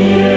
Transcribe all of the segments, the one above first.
yeah.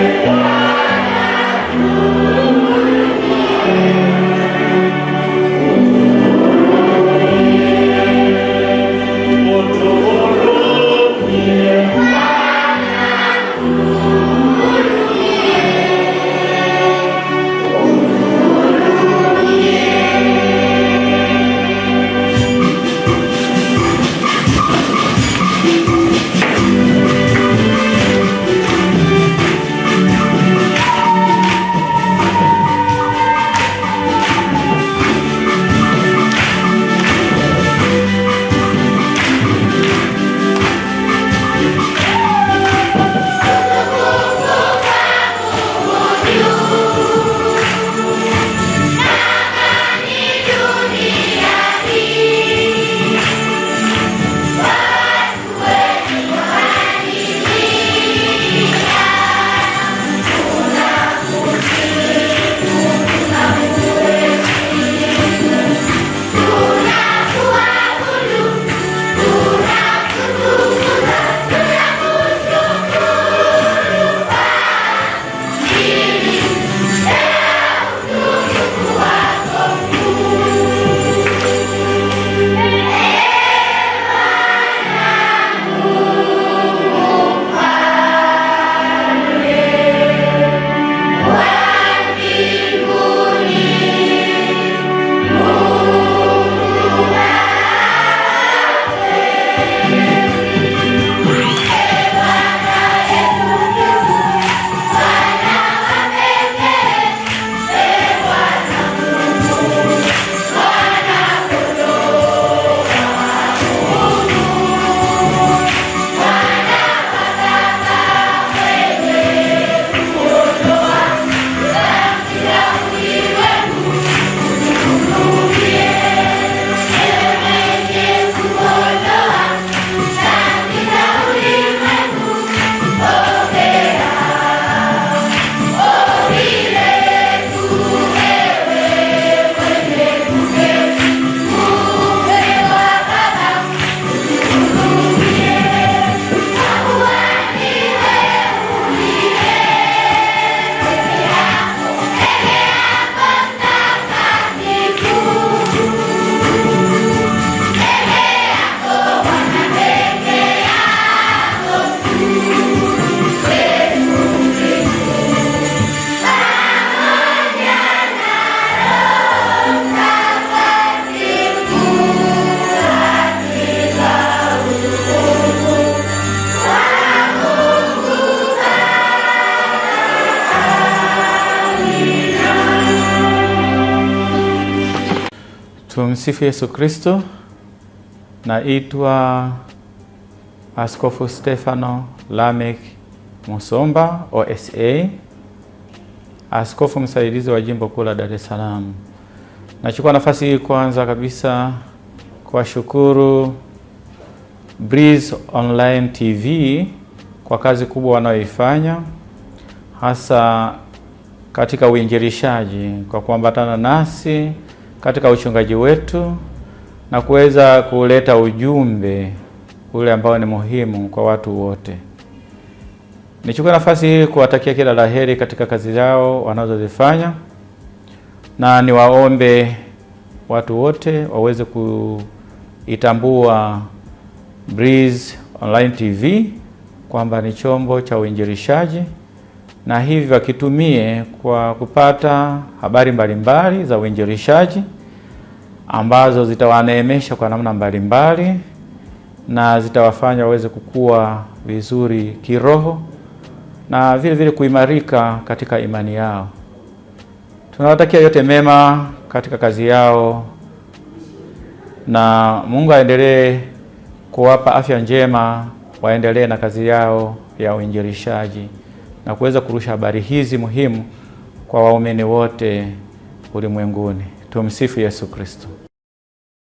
Tumsifu Yesu Kristo. Naitwa Askofu Stefano Lamek Musomba OSA, askofu msaidizi wa jimbo kuu la Dar es Salaam. Nachukua nafasi hii kwanza kabisa kuwashukuru Breeze Online TV kwa kazi kubwa wanayoifanya hasa katika uinjilishaji kwa kuambatana nasi katika uchungaji wetu na kuweza kuleta ujumbe ule ambao ni muhimu kwa watu wote. Nichukue nafasi hii kuwatakia kila laheri katika kazi zao wanazozifanya, na niwaombe watu wote waweze kuitambua Breeze Online TV kwamba ni chombo cha uinjilishaji na hivi wakitumie kwa kupata habari mbalimbali za uinjilishaji ambazo zitawaneemesha kwa namna mbalimbali na zitawafanya waweze kukua vizuri kiroho na vile vile kuimarika katika imani yao. Tunawatakia yote mema katika kazi yao, na Mungu aendelee kuwapa afya njema, waendelee na kazi yao ya uinjilishaji na kuweza kurusha habari hizi muhimu kwa waumini wote ulimwenguni. Tumsifu Yesu Kristo.